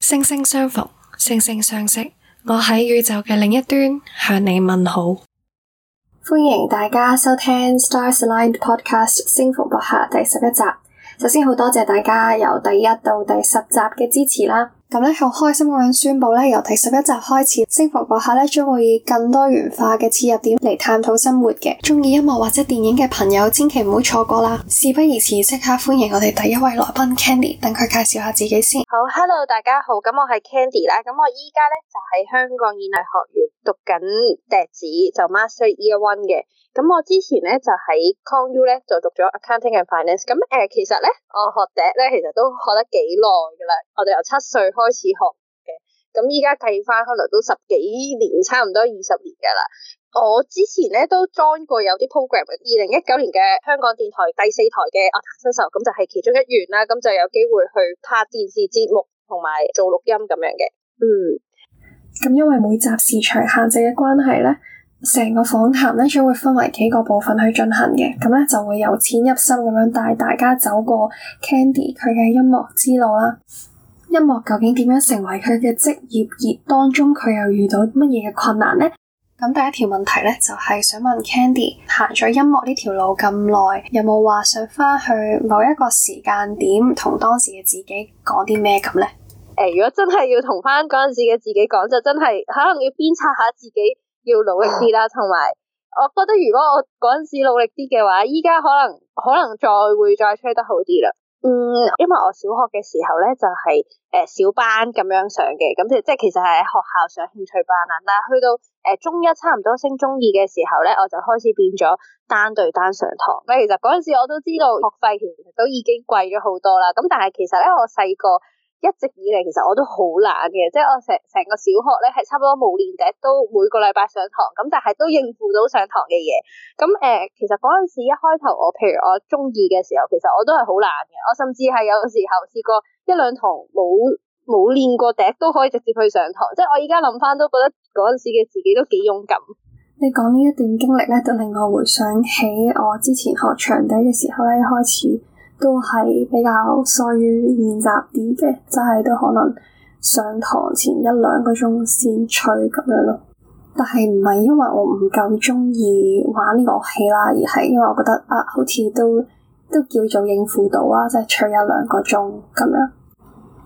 星星相逢，星星相識，我喺宇宙嘅另一端向你問好。歡迎大家收聽《Stars Aligned Podcast》星逢播客第十一集。首先，好多謝大家由第一到第十集嘅支持啦。咁咧好開心咁樣宣布咧，由第十一集開始，呢《星逢播客》咧將會以更多元化嘅切入點嚟探討生活嘅。中意音樂或者電影嘅朋友，千祈唔好錯過啦！事不宜遲，即刻歡迎我哋第一位來賓 Candy，等佢介紹下自己先。好，Hello，大家好，咁我係 Candy 啦，咁我依家咧就喺、是、香港演藝學院讀緊笛子，就 Master Year One 嘅。咁我之前咧就喺 Con U 咧就讀咗 Accounting and Finance。咁、呃、誒，其實咧我學笛 e 咧，其實都學得幾耐噶啦。我哋由七歲開始學嘅。咁依家計翻，可能都十幾年，差唔多二十年噶啦。我之前咧都 join 過有啲 program。二零一九年嘅香港電台第四台嘅《樂、啊、壇新秀》，咁就係其中一員啦。咁就有機會去拍電視節目同埋做錄音咁樣嘅。嗯。咁因為每集時長限制嘅關係咧。成個訪談咧將會分為幾個部分去進行嘅，咁咧就會由淺入深咁樣帶大家走過 Candy 佢嘅音樂之路啦。音樂究竟點樣成為佢嘅職業？而當中佢又遇到乜嘢嘅困難呢？咁第一條問題咧就係想問 Candy，行咗音樂呢條路咁耐，有冇話想翻去某一個時間點同當時嘅自己講啲咩咁呢？誒，如果真係要同翻嗰陣時嘅自己講，就真係可能要鞭策下自己，要努力啲啦，同埋，我覺得如果我嗰陣時努力啲嘅話，依家可能可能再會再吹得好啲啦。嗯，因為我小學嘅時候咧就係、是、誒、呃、小班咁樣上嘅，咁即即其實係喺學校上興趣班啊。但係去到誒、呃、中一差唔多升中二嘅時候咧，我就開始變咗單對單上堂。咁其實嗰陣時我都知道學費其實都已經貴咗好多啦。咁但係其實咧我細個。一直以嚟，其實我都好懶嘅，即係我成成個小學咧，係差唔多冇練笛，都每個禮拜上堂，咁但係都應付到上堂嘅嘢。咁誒、呃，其實嗰陣時一開頭，我譬如我中二嘅時候，其實我都係好懶嘅，我甚至係有時候試過一兩堂冇冇練過笛，都可以直接去上堂。即係我而家諗翻，都覺得嗰陣時嘅自己都幾勇敢。你講呢一段經歷咧，就令我回想起我之前學長笛嘅時候咧，開始，都係比較疏於練習啲嘅，就係都可能上堂前一兩個鐘先吹咁樣咯。但係唔係因為我唔夠鍾意玩呢個樂器啦，而係因為我覺得啊，好似都都叫做應付到啊，即係吹一兩個鐘咁樣。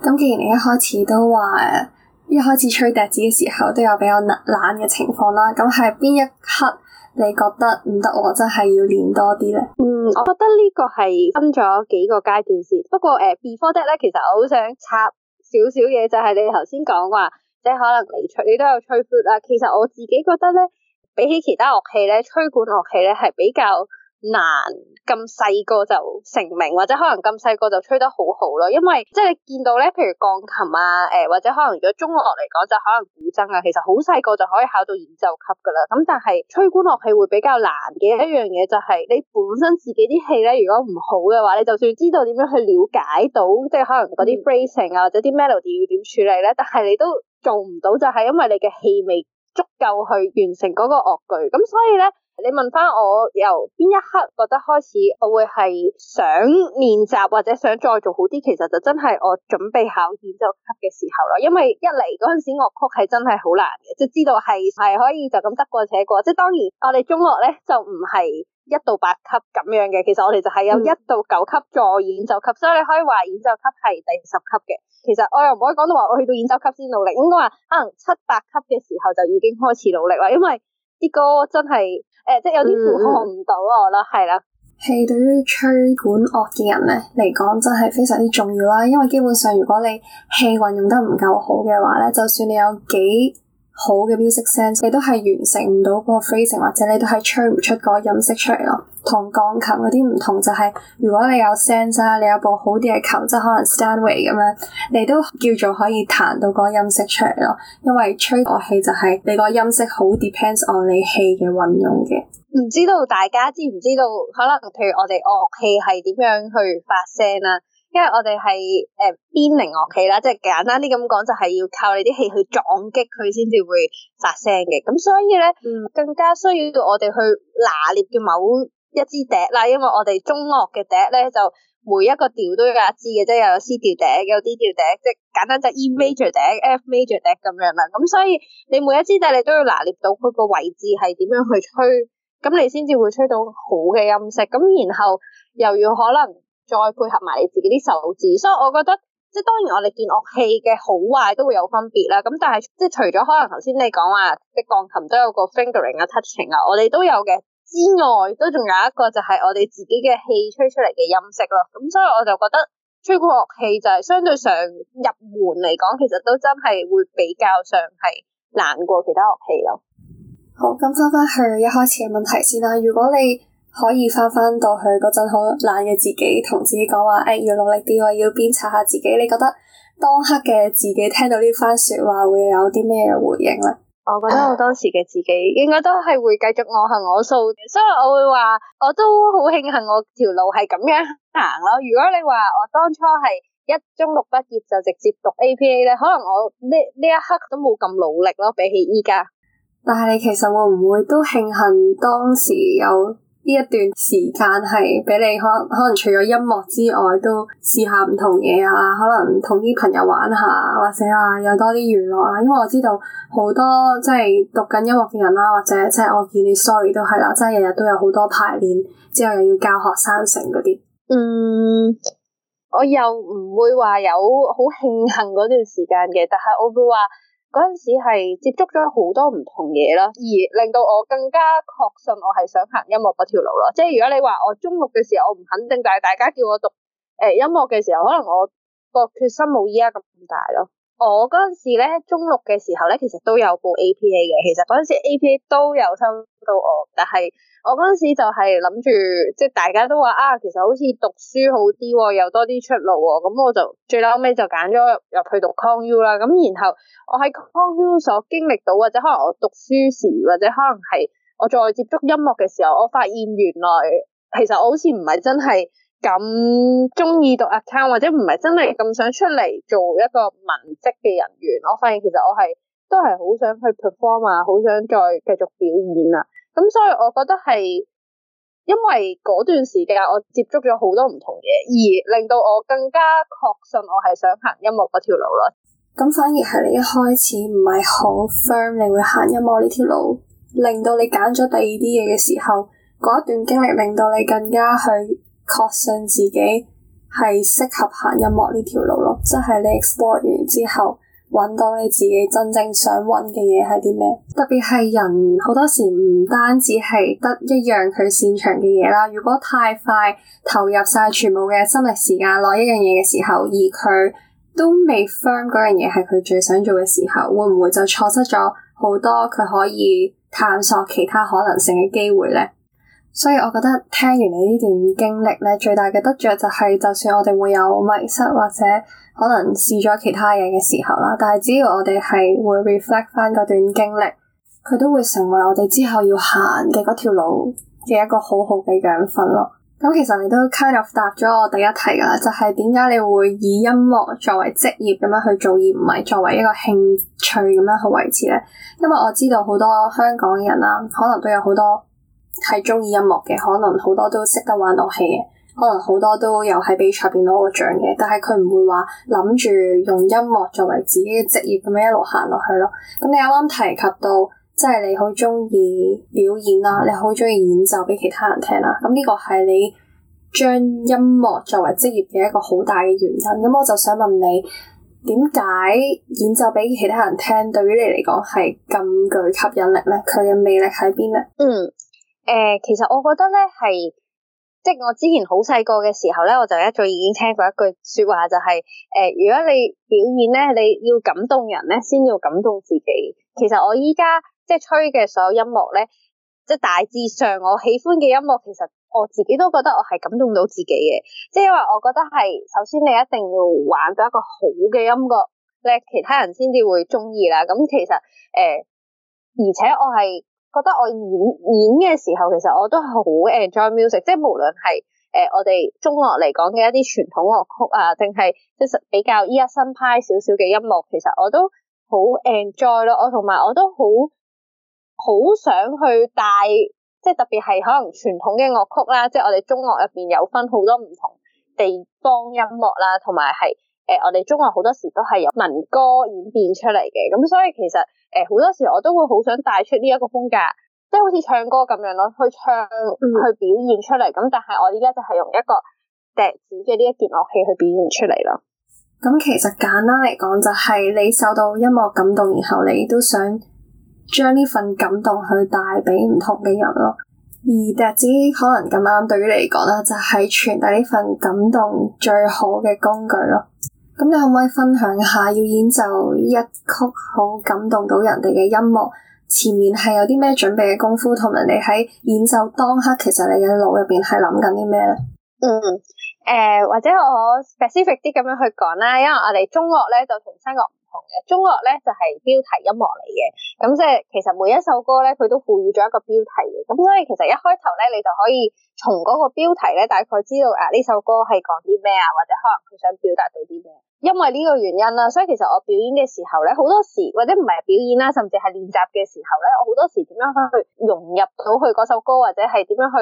咁既然你一開始都話一開始吹笛子嘅時候都有比較懶嘅情況啦，咁係邊一刻？你覺得唔得，我真係要練多啲咧。嗯，我覺得呢個係分咗幾個階段先。不過誒，呃，before that 咧，其實我好想插少少嘢，就係、是、你頭先講話，即係可能你吹你都有吹 flute 啊。其實我自己覺得咧，比起其他樂器咧，吹管樂器咧係比較。難咁細個就成名，或者可能咁細個就吹得好好啦。因為即係你見到咧，譬如鋼琴啊，誒、呃、或者可能如果中樂嚟講就可能古箏啊，其實好細個就可以考到演奏級噶啦。咁但係吹管樂器會比較難嘅一樣嘢就係你本身自己啲氣咧，如果唔好嘅話，你就算知道點樣去了解到，即、就、係、是、可能嗰啲 phrasing 啊或者啲 melody 要點處理咧，但係你都做唔到，就係因為你嘅氣未足夠去完成嗰個樂句。咁所以咧。你問翻我由邊一刻覺得開始，我會係想練習或者想再做好啲,其實就真係我準備考演奏級嘅時候啦。因為一嚟嗰陣時樂曲係真係好難嘅，即知道係係可以就咁得過且過。即係當然我，我哋中樂咧就唔係一到八級咁樣嘅，其實我哋就係有一到九級助演奏級，嗯、所以你可以話演奏級係第十級嘅。其實我又唔可以講到話我去到演奏級先努力，應該話可能七八級嘅時候就已經開始努力啦，因為啲歌真係。誒，即係有啲符合唔到我啦，係 啦。氣、嗯、 對於吹管樂嘅人咧嚟講，真係非常之重要啦。因為基本上，如果你氣運用得唔夠好嘅話咧，就算你有幾好嘅 music sense，你都係完成唔到嗰個 phrasing，或者你都係吹唔出嗰音色出嚟咯。同鋼琴嗰啲唔同就係、是，如果你有 sense 啊，你有部好啲嘅琴，即係可能 Steinway 咁樣，你都叫做可以彈到嗰音色出嚟咯。因為吹樂器就係你個音色好 depends on 你氣嘅運用嘅。唔知道大家知唔知道，可能譬如我哋樂器係點樣去發聲啊？因為我哋係誒邊零樂器啦，即係簡單啲咁講，就係要靠你啲氣去撞擊佢先至會發聲嘅。咁所以咧，嗯、更加需要我哋去拿捏嘅某一支笛啦。因為我哋中樂嘅笛咧，就每一個調都有一支嘅，即係有 C 調笛，有 D 調笛，即係簡單就 E major 笛、F major 笛咁樣啦。咁所以你每一支笛你都要拿捏到佢個位置係點樣去吹，咁你先至會吹到好嘅音色。咁然後又要可能。再配合埋你自己啲手指，所以我覺得即係當然，我哋見樂器嘅好壞都會有分別啦。咁但係即係除咗可能頭先你講話啲鋼琴都有個 fingering 啊 touching 啊，我哋都有嘅之外，都仲有一個就係我哋自己嘅氣吹出嚟嘅音色咯。咁所以我就覺得吹個樂器就係相對上入門嚟講，其實都真係會比較上係難過其他樂器咯。好，咁翻返去一開始嘅問題先啦。如果你可以翻翻到去嗰陣好懶嘅自己，同自己講話，誒，要努力啲喎我要鞭策下自己。你覺得當刻嘅自己聽到呢番說話會有啲咩回應呢？我覺得我當時嘅自己應該都係會繼續我行我素嘅。所以我會話我都好慶幸我條路係咁樣行咯。如果你話我當初係一中六畢業就直接讀 APA 咧，可能我呢呢一刻都冇咁努力咯，比起依家。但係你其實會唔會都慶幸當時有？呢一段時間係俾你可能可能除咗音樂之外都試下唔同嘢啊，可能同啲朋友玩下，或者啊有多啲娛樂啊。因為我知道好多即係讀緊音樂嘅人啦、啊，或者即係我見你 story 都係啦、啊，即係日日都有好多排練，之後又要教學生成嗰啲。嗯，我又唔會話有好慶幸嗰段時間嘅，但係我會話。嗰陣時係接觸咗好多唔同嘢咯，而令到我更加確信我係想行音樂嗰條路咯。即係如果你話我中六嘅時候我唔肯定，但係大家叫我讀誒、欸、音樂嘅時候，可能我個決心冇依家咁大咯。我嗰陣時咧，中六嘅時候咧，其實都有報 APA 嘅。其實嗰陣時 APA 都有收到我，但係我嗰陣時就係諗住，即係大家都話啊，其實好似讀書好啲喎，有多啲出路喎。咁我就最，最後尾就揀咗入去讀 HKU 啦。咁然後我喺 HKU 所經歷到，或者可能我讀書時，或者可能係我再接觸音樂嘅時候，我發現原來其實我好似唔係真係。咁中意讀 account 或者唔係真係咁想出嚟做一個文職嘅人員。我發現其實我係都係好想去 perform，啊，好想再繼續表演啊。咁所以我覺得係因為嗰段時間我接觸咗好多唔同嘢，而令到我更加確信我係想行音樂嗰條路咯。咁反而係你一開始唔係好 firm，你會行音樂呢條路，令到你揀咗第二啲嘢嘅時候，嗰一段經歷令到你更加去。確信自己係適合行音樂呢條路咯，即係你 explore 完之後，揾到你自己真正想揾嘅嘢係啲咩？特別係人好多時唔單止係得一樣佢擅長嘅嘢啦。如果太快投入晒全部嘅心力時間落一樣嘢嘅時候，而佢都未 firm 嗰樣嘢係佢最想做嘅時候，會唔會就錯失咗好多佢可以探索其他可能性嘅機會呢？所以我覺得聽完你呢段經歷咧，最大嘅得着就係，就算我哋會有迷失或者可能試咗其他嘢嘅時候啦，但係只要我哋係會 reflect 翻嗰段經歷，佢都會成為我哋之後要行嘅嗰條路嘅一個好好嘅養分咯。咁、嗯嗯、其實你都 kind of 答咗我第一題噶啦，就係點解你會以音樂作為職業咁樣去做，而唔係作為一個興趣咁樣去維持呢？因為我知道好多香港人啦、啊，可能都有好多。係中意音樂嘅，可能好多都識得玩樂器嘅，可能好多都有喺比賽邊攞過獎嘅。但係佢唔會話諗住用音樂作為自己嘅職業咁樣一路行落去咯。咁你啱啱提及到，即係你好中意表演啦，你好中意演奏俾其他人聽啦。咁呢個係你將音樂作為職業嘅一個好大嘅原因。咁我就想問你，點解演奏俾其他人聽對於你嚟講係咁具吸引力呢？佢嘅魅力喺邊呢？嗯。誒、呃，其實我覺得咧係，即係我之前好細個嘅時候咧，我就一早已經聽過一句說話，就係、是，誒、呃，如果你表演咧，你要感動人咧，先要感動自己。其實我依家即係吹嘅所有音樂咧，即係大致上我喜歡嘅音樂，其實我自己都覺得我係感動到自己嘅，即係因為我覺得係，首先你一定要玩到一個好嘅音樂咧，其他人先至會中意啦。咁其實，誒、呃，而且我係。覺得我演演嘅時候，其實我都好 enjoy music，即係無論係誒、呃、我哋中樂嚟講嘅一啲傳統樂曲啊，定係其實比較依家新派少少嘅音樂，其實我都好 enjoy 咯。我同埋我都好好想去帶，即係特別係可能傳統嘅樂曲啦，即係我哋中樂入邊有分好多唔同地方音樂啦，同埋係。誒、呃，我哋中國好多時都係由民歌演變出嚟嘅，咁所以其實誒好、呃、多時我都會好想帶出呢一個風格，即係好似唱歌咁樣咯，去唱去表現出嚟。咁、嗯、但係我依家就係用一個笛、呃、子嘅呢一件樂器去表現出嚟咯。咁其實簡單嚟講，就係你受到音樂感動，然後你都想將呢份感動去帶俾唔同嘅人咯。而笛、呃、子可能咁啱對於你嚟講咧，就係傳遞呢份感動最好嘅工具咯。咁你可唔可以分享一下要演奏一曲好感動到人哋嘅音樂，前面係有啲咩準備嘅功夫，同埋你喺演奏當刻，其實你嘅腦入邊係諗緊啲咩咧？嗯，誒、呃，或者我 specific 啲咁樣去講啦，因為我哋中樂咧就同西樂唔同嘅，中樂咧就係標題音樂嚟嘅，咁即係其實每一首歌咧，佢都賦予咗一個標題嘅，咁所以其實一開頭咧，你就可以從嗰個標題咧，大概知道啊，呢首歌係講啲咩啊，或者可能佢想表達到啲咩。因為呢個原因啦，所以其實我表演嘅時候咧，好多時或者唔係表演啦，甚至係練習嘅時候咧，我好多時點樣去融入到去嗰首歌，或者係點樣去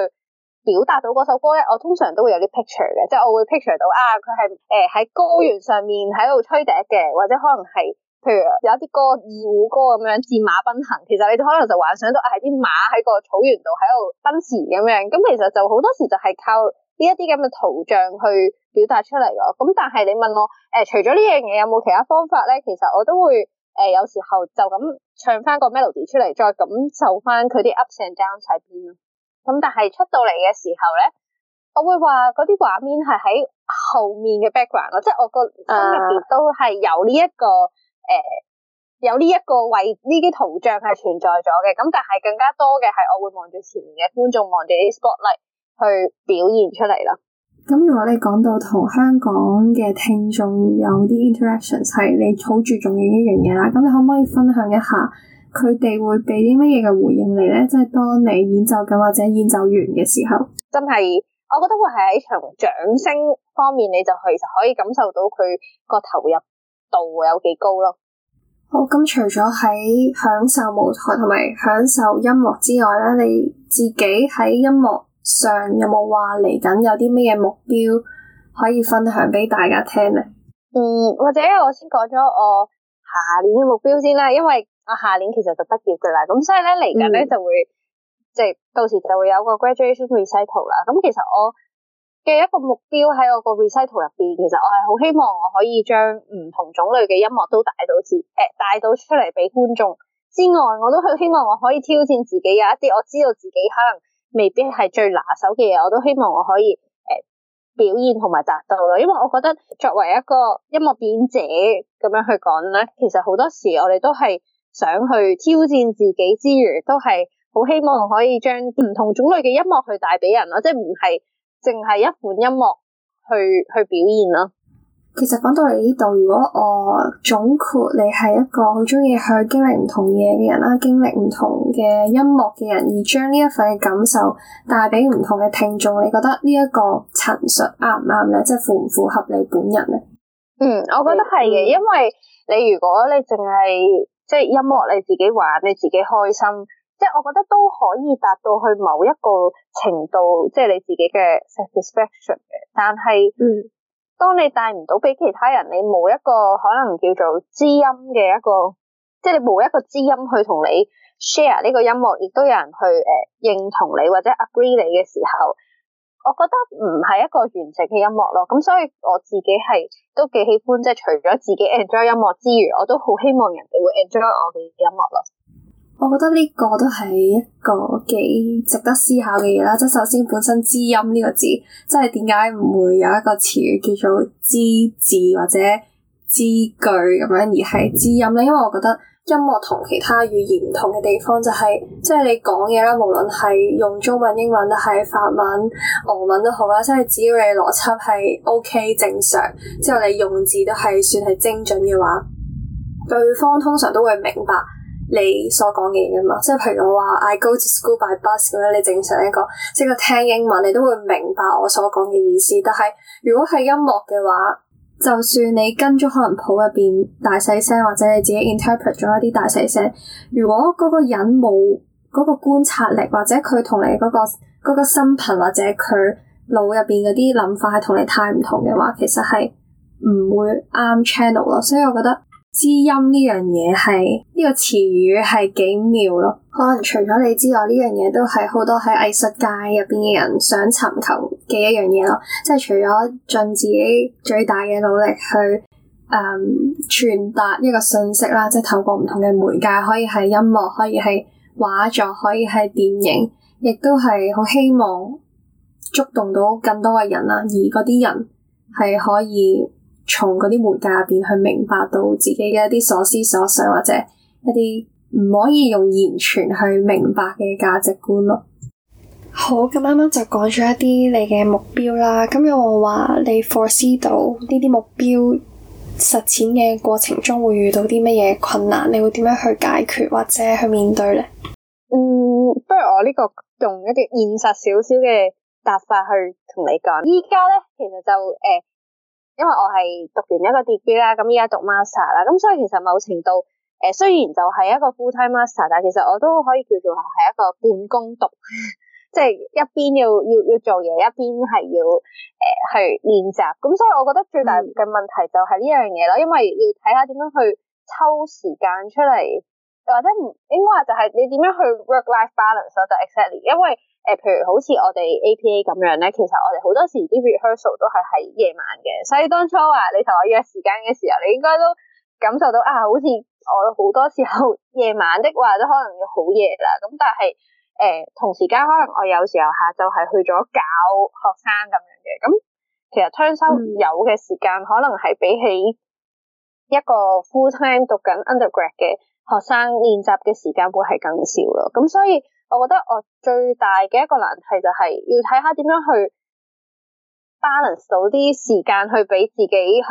表達到嗰首歌咧，我通常都會有啲 picture 嘅，即係我會 picture 到啊，佢係誒喺高原上面喺度吹笛嘅，或者可能係譬如有啲歌二胡歌咁樣戰馬奔行，其實你可能就幻想到啊係啲馬喺個草原度喺度奔馳咁樣，咁其實就好多時就係靠呢一啲咁嘅圖像去表達出嚟咯，咁但係你問我，誒、呃，除咗呢樣嘢，有冇其他方法咧？其實我都會，誒、呃，有時候就咁唱翻個 melody 出嚟，再感受翻佢啲 up and down 喺邊咯。咁但係出到嚟嘅時候咧，我會話嗰啲畫面係喺後面嘅 background 咯，即係、uh, 我個心入邊都係有呢、這、一個，誒、呃，有呢一個位，呢啲圖像係存在咗嘅。咁但係更加多嘅係我會望住前面嘅觀眾，望住啲 spotlight。去表現出嚟啦。咁如果你哋講到同香港嘅聽眾有啲 interactions，係你好注重嘅一樣嘢啦。咁你可唔可以分享一下佢哋會俾啲乜嘢嘅回應你咧？即係當你演奏緊或者演奏完嘅時候，真係我覺得會係喺場掌聲方面，你就去就可以感受到佢個投入度有幾高咯。好，咁除咗喺享受舞台同埋享受音樂之外咧，你自己喺音樂。上有冇話嚟緊有啲咩嘢目標可以分享俾大家聽咧？嗯，或者我先講咗我下年嘅目標先啦，因為我下年其實就畢業噶啦，咁所以咧，嚟緊咧就會即係、嗯、到時就會有個 graduation recital 啦。咁其實我嘅一個目標喺我個 recital 入邊，其實我係好希望我可以將唔同種類嘅音樂都帶到至誒帶到出嚟俾觀眾之外，我都好希望我可以挑戰自己有一啲我知道自己可能。未必係最拿手嘅嘢，我都希望我可以誒、呃、表現同埋達到咯。因為我覺得作為一個音樂表演者咁樣去講咧，其實好多時我哋都係想去挑戰自己之餘，都係好希望可以將唔同種類嘅音樂去帶俾人咯，即係唔係淨係一款音樂去去表現咯。其實講到嚟呢度，如果我總括你係一個好中意去經歷唔同嘢嘅人啦，經歷唔同嘅音樂嘅人，而將呢一份嘅感受帶俾唔同嘅聽眾，你覺得呢一個陳述啱唔啱咧？即係符唔符合你本人咧？嗯，我覺得係嘅，因為你如果你淨係即係音樂，你自己玩，你自己開心，即係我覺得都可以達到去某一個程度，即係你自己嘅 satisfaction 嘅。但係，嗯。當你帶唔到俾其他人，你冇一個可能叫做知音嘅一個，即係你冇一個知音去同你 share 呢個音樂，亦都有人去誒、呃、認同你或者 agree 你嘅時候，我覺得唔係一個完整嘅音樂咯。咁所以我自己係都幾喜歡，即係除咗自己 enjoy 音樂之餘，我都好希望人哋會 enjoy 我嘅音樂咯。我覺得呢個都係一個幾值得思考嘅嘢啦。即係首先本身知音呢個字，即係點解唔會有一個詞語叫做知字或者知句咁樣，而係知音呢？因為我覺得音樂同其他語言唔同嘅地方，就係，就係即係你講嘢啦，無論係用中文、英文、都係法文、俄文都好啦，即係只要你邏輯係 OK 正常，之後你用字都係算係精準嘅話，對方通常都會明白。你所講嘅嘢嘛，即係譬如我話 I go to school by bus 咁樣，你正常一個即係聽英文，你都會明白我所講嘅意思。但係如果係音樂嘅話，就算你跟咗可能譜入邊大細聲，或者你自己 interpret 咗一啲大細聲，如果嗰個人冇嗰個觀察力，或者佢同你嗰個嗰個心頻或者佢腦入邊嗰啲諗法係同你太唔同嘅話，其實係唔會啱 channel 咯。所以我覺得。知音呢樣嘢係呢個詞語係幾妙咯，可能除咗你之外，呢樣嘢都係好多喺藝術界入邊嘅人想尋求嘅一樣嘢咯，即係除咗盡自己最大嘅努力去誒、嗯、傳達一個信息啦，即係透過唔同嘅媒介，可以係音樂，可以係畫作，可以係電影，亦都係好希望觸動到更多嘅人啦，而嗰啲人係可以。從嗰啲媒介入邊去明白到自己嘅一啲所思所想，或者一啲唔可以用言傳去明白嘅價值觀咯。好，咁啱啱就講咗一啲你嘅目標啦。咁有冇話你 foresee 到呢啲目標實踐嘅過程中會遇到啲乜嘢困難？你會點樣去解決或者去面對呢？嗯，不如我呢個用一啲現實少少嘅答法去同你講。依家咧，其實就誒。呃因為我係讀完一個 degree 啦，咁依家讀 master 啦，咁所以其實某程度，誒、呃、雖然就係一個 full-time master，但係其實我都可以叫做係一個半工讀，即 係一邊要要要做嘢，一邊係要誒、呃、去練習。咁所以我覺得最大嘅問題就係呢樣嘢啦，嗯、因為要睇下點樣去抽時間出嚟，或者唔應該話就係你點樣去 work life balance 咯，就 exactly，因為。誒、呃，譬如好似我哋 APA 咁樣咧，其實我哋好多時啲 rehearsal 都係喺夜晚嘅，所以當初話你同我約時間嘅時候，你應該都感受到啊，好似我好多時候夜晚的話都可能要好夜啦。咁但係誒、呃，同時間可能我有時候下晝係去咗搞學生咁樣嘅。咁其實 training 有嘅時間，嗯、可能係比起一個 full time 讀緊 undergrad 嘅學生練習嘅時間會係更少咯。咁所以。我覺得我最大嘅一個難題就係要睇下點樣去 balance 到啲時間去俾自己去，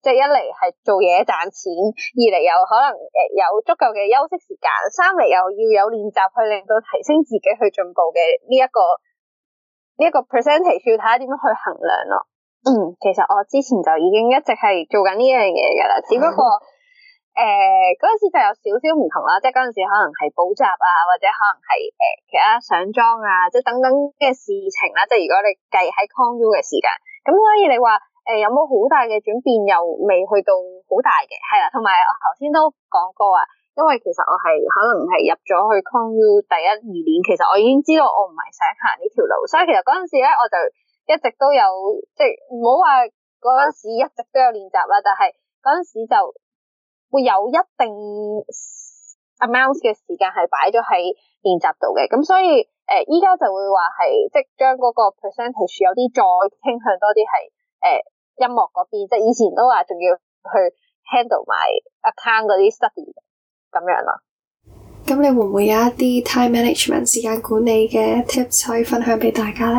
即係一嚟係做嘢賺錢，二嚟又可能誒有足夠嘅休息時間，三嚟又要有練習去令到提升自己去進步嘅呢一個呢一個 percentage，要睇下點樣去衡量咯。嗯，其實我之前就已經一直係做緊呢樣嘢噶啦，只不過。嗯誒，嗰陣、呃、時就有少少唔同啦，即係嗰陣時可能係補習啊，或者可能係誒、呃、其他上莊啊，即係等等嘅事情啦、啊。即係如果你計喺 c o n 嘅時間，咁所以你話誒、呃、有冇好大嘅轉變？又未去到好大嘅，係啦。同埋我頭先都講過啊，因為其實我係可能係入咗去 c o n 第一第二年，其實我已經知道我唔係想行呢條路，所以其實嗰陣時咧我就一直都有即係唔好話嗰陣時一直都有練習啦，的但係嗰陣時就。會有一定 amount 嘅時間係擺咗喺練習度嘅，咁所以誒依家就會話係即係將嗰個 percentage 有啲再傾向多啲係誒音樂嗰邊，即係以前都話仲要去 handle 埋 account 嗰啲 study 咁樣囉。咁你會唔會有一啲 time management 時間管理嘅 tips 可以分享俾大家咧？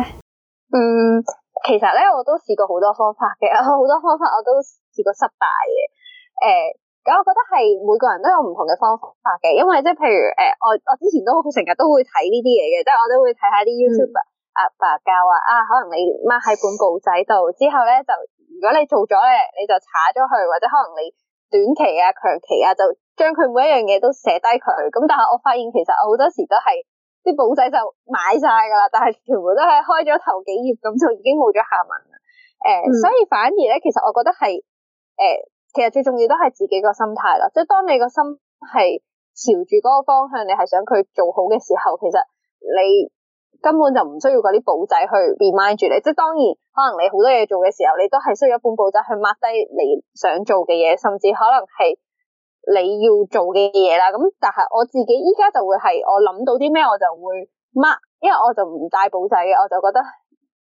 嗯，其實咧我都試過好多方法嘅，好多方法我都試過失敗嘅，誒、呃。我覺得係每個人都有唔同嘅方法嘅，因為即係譬如誒、呃，我我之前都成日都會睇呢啲嘢嘅，即係我都會睇下啲 YouTuber 阿伯教、嗯、啊，啊可能你 mark 喺本簿仔度，之後咧就如果你做咗咧，你就查咗佢，或者可能你短期啊、長期啊，就將佢每一樣嘢都寫低佢。咁但係我發現其實我好多時都係啲簿仔就買晒㗎啦，但係全部都係開咗頭幾頁咁，就已經冇咗下文啦。誒、呃，嗯、所以反而咧，其實我覺得係誒。呃其實最重要都係自己個心態啦，即係當你個心係朝住嗰個方向，你係想佢做好嘅時候，其實你根本就唔需要嗰啲簿仔去 remind 住你。即係當然，可能你好多嘢做嘅時候，你都係需要一本簿仔去 mark 低你想做嘅嘢，甚至可能係你要做嘅嘢啦。咁但係我自己依家就會係我諗到啲咩，我就會 mark，因為我就唔帶簿仔嘅，我就覺得。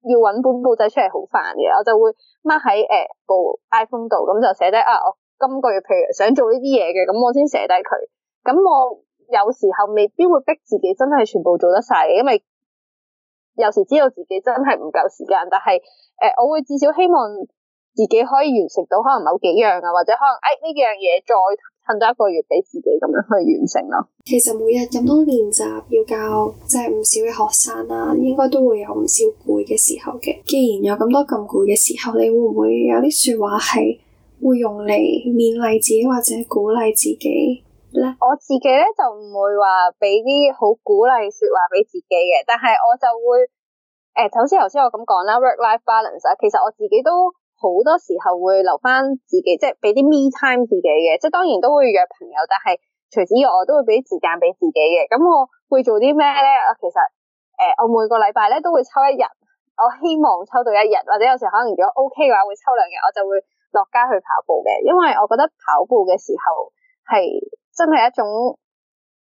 要揾本簿仔出嚟好煩嘅，我就會 mark 喺誒部 iPhone 度，咁就寫低啊我今個月譬如想做呢啲嘢嘅，咁我先寫低佢。咁我有時候未必會逼自己真係全部做得晒，因為有時知道自己真係唔夠時間，但係誒、欸、我會至少希望自己可以完成到可能某幾樣啊，或者可能誒呢樣嘢再。趁咗一個月俾自己咁樣去完成咯。其實每日咁多練習，要教即係唔少嘅學生啦，啊，應該都會有唔少攰嘅時候嘅。既然有咁多咁攰嘅時候，你會唔會有啲說話係會用嚟勉勵自己或者鼓勵自己咧？ 我自己咧就唔會話俾啲好鼓勵說話俾自己嘅，但係我就會誒、呃，就好似頭先我咁講啦，work-life balance，其實我自己都。好多時候會留翻自己，即係俾啲 me time 自己嘅。即係當然都會約朋友，但係除此以外我都會俾時間俾自己嘅。咁我會做啲咩咧？其實，誒、呃，我每個禮拜咧都會抽一日，我希望抽到一日，或者有時可能如果 OK 嘅話會抽兩日，我就會落街去跑步嘅。因為我覺得跑步嘅時候係真係一種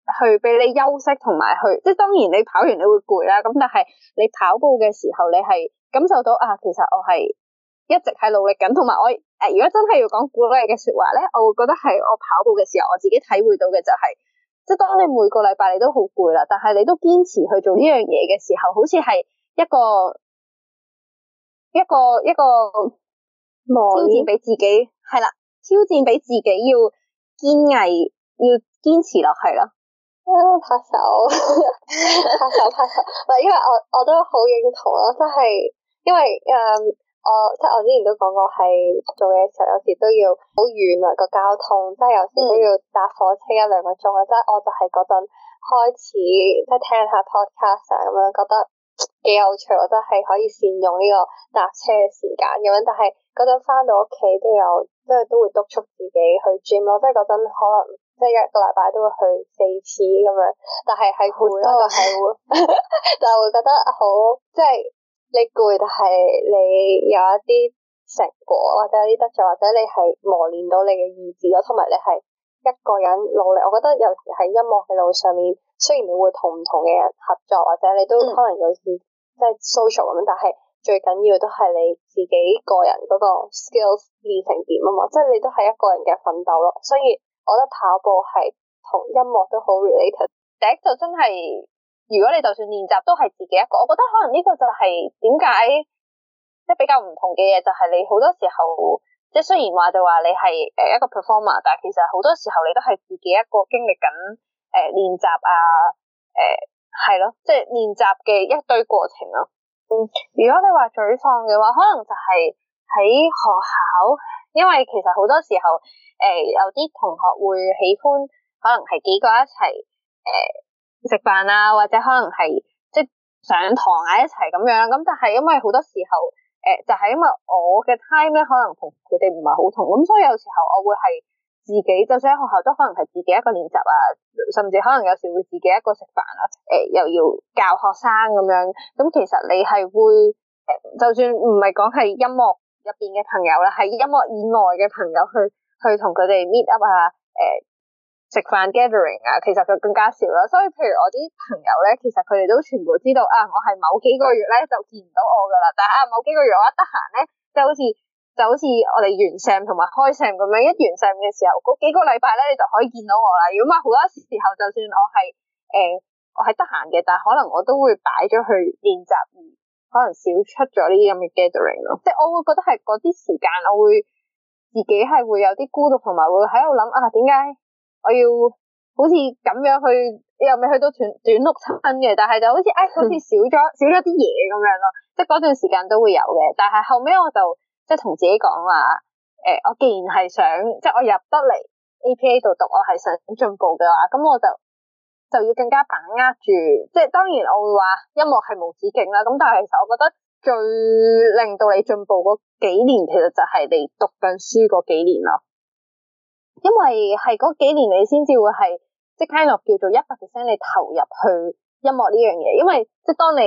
去俾你休息同埋去，即係當然你跑完你會攰啦。咁但係你跑步嘅時候你係感受到啊，其實我係。一直喺努力緊，同埋我誒、呃，如果真係要講鼓勵嘅說話咧，我會覺得係我跑步嘅時候，我自己體會到嘅就係、是，即、就、係、是，當你每個禮拜你都好攰啦，但係你都堅持去做呢樣嘢嘅時候，好似係一個一個一個忙挑戰俾自己，係啦，挑戰俾自己要堅毅，要堅持落去啦、啊。拍手， 拍手，拍手，拍手。 唔係，因為我我都好認同咯，即係因為誒。我即係我之前都講過，係做嘢嘅時候有時都要好遠啊，個交通即係有時都要搭火車一兩個鐘啊。即係我就係嗰陣開始即係聽下 podcast 啊咁樣，覺得幾有趣，我覺得係可以善用呢個搭車嘅時間咁樣。但係嗰陣翻到屋企都有，即係都都會督促自己去 gym 咯。即係嗰陣可能即係一個禮拜都會去四次咁樣，但係係會， 但係會，但係會覺得好即係。你攰，但係你有一啲成果，或者有啲得着，或者你係磨練到你嘅意志咯，同埋你係一個人努力。我覺得尤其喺音樂嘅路上面，雖然你會同唔同嘅人合作，或者你都可能有時、嗯、即係 social 咁，但係最緊要都係你自己個人嗰個 skills 練成點啊嘛，即係你都係一個人嘅奮鬥咯。所以我覺得跑步係同音樂都好 related。第一就真係。如果你就算練習都係自己一個，我覺得可能呢個就係點解即係比較唔同嘅嘢，就係、是、你好多時候即係雖然話就話你係誒一個 performer，但係其實好多時候你都係自己一個經歷緊誒練習啊，誒、呃、係咯，即係練習嘅一堆過程咯。嗯，如果你話沮喪嘅話，可能就係喺學校，因為其實好多時候誒、呃、有啲同學會喜歡可能係幾個一齊誒。呃食飯啊，或者可能係即係上堂啊，一齊咁樣咁，但係因為好多時候誒、呃，就係、是、因為我嘅 time 咧，可能同佢哋唔係好同，咁所以有時候我會係自己，就算喺學校都可能係自己一個練習啊，甚至可能有時會自己一個食飯啊，誒、呃、又要教學生咁樣，咁其實你係會、呃，就算唔係講係音樂入邊嘅朋友啦、啊，係音樂以外嘅朋友去去同佢哋 meet up 啊，誒、呃。食飯 gathering 啊，其實就更加少啦。所以，譬如我啲朋友咧，其實佢哋都全部知道啊，我係某幾個月咧就見唔到我噶啦。但係啊，某幾個月我一得閒咧，即係好似就好似我哋完 sam 同埋開 sam 咁樣，一完 sam 嘅時候嗰幾個禮拜咧，你就可以見到我啦。如果話好多時候，就算我係誒、欸、我係得閒嘅，但係可能我都會擺咗去練習，而可能少出咗呢啲咁嘅 gathering 咯。即係我會覺得係嗰啲時間，我會自己係會有啲孤獨，同埋會喺度諗啊，點解？我要好似咁樣去，又未去到短短六七分嘅，但係就好似哎，好似少咗少咗啲嘢咁樣咯。即係嗰段時間都會有嘅，但係後尾我就即係同自己講話，誒、呃，我既然係想即係我入得嚟 APA 度讀，我係想進步嘅話，咁我就就要更加把握住。即係當然我會話音樂係無止境啦。咁但係其實我覺得最令到你進步嗰幾年，其實就係你讀緊書嗰幾年咯。因為係嗰幾年你先至會係即刻 kind 落 of 叫做一百 percent 你投入去音樂呢樣嘢，因為即係當你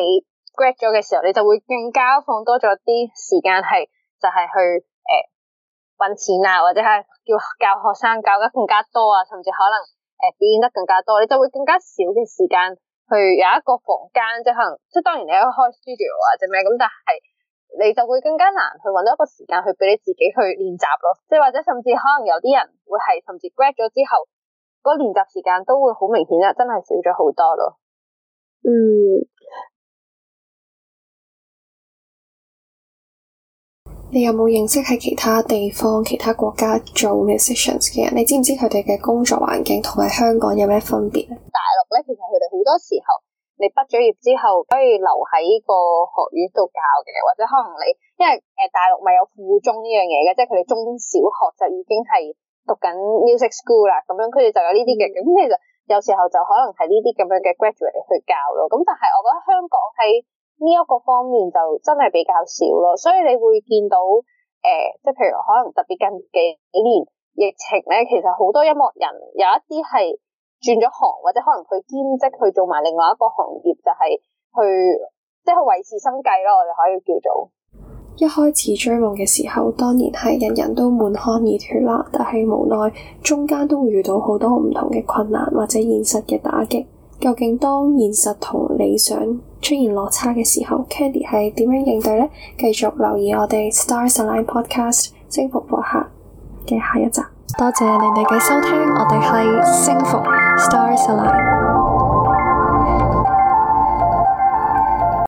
grad 咗，er，嘅時候，你就會更加放多咗啲時間係就係，是，去誒搵，呃，錢啊，或者係叫教學生教得更加多啊，甚至可能誒表演，呃，得更加多，你就會更加少嘅時間去有一個房間，即係可能即係當然你一開 studio 啊，定咩咁，但係。你就會更加難去搵到一個時間去俾你自己去練習咯，即係或者甚至可能有啲人會係甚至 grad 咗之後，個練習時間都會好明顯啦，真係少咗好多咯。嗯，你有冇認識喺其他地方、其他國家做 musicians 嘅人？你知唔知佢哋嘅工作環境同埋香港有咩分別？大陸咧，其實佢哋好多時候。你畢咗業之後可以留喺個學院度教嘅，或者可能你因為誒大陸咪有附中呢樣嘢嘅，即係佢哋中小學就已經係讀緊 music school 啦，咁樣佢哋就有呢啲嘅，咁、嗯、其實有時候就可能係呢啲咁樣嘅 graduate 去教咯。咁但係我覺得香港喺呢一個方面就真係比較少咯，所以你會見到誒、呃，即係譬如可能特別近幾年疫情咧，其實好多音樂人有一啲係。轉咗行，或者可能佢兼職去做埋另外一個行業，就係去即係維持生計咯。我哋可以叫做一開始追夢嘅時候，當然係人人都滿腔熱血啦，但係無奈中間都會遇到好多唔同嘅困難或者現實嘅打擊。究竟當現實同理想出現落差嘅時候，Candy 係點樣應對呢？繼續留意我哋 Stars Align Podcast 星逢播客嘅下一集。多謝你哋嘅收聽，我哋係星逢 Stars Align。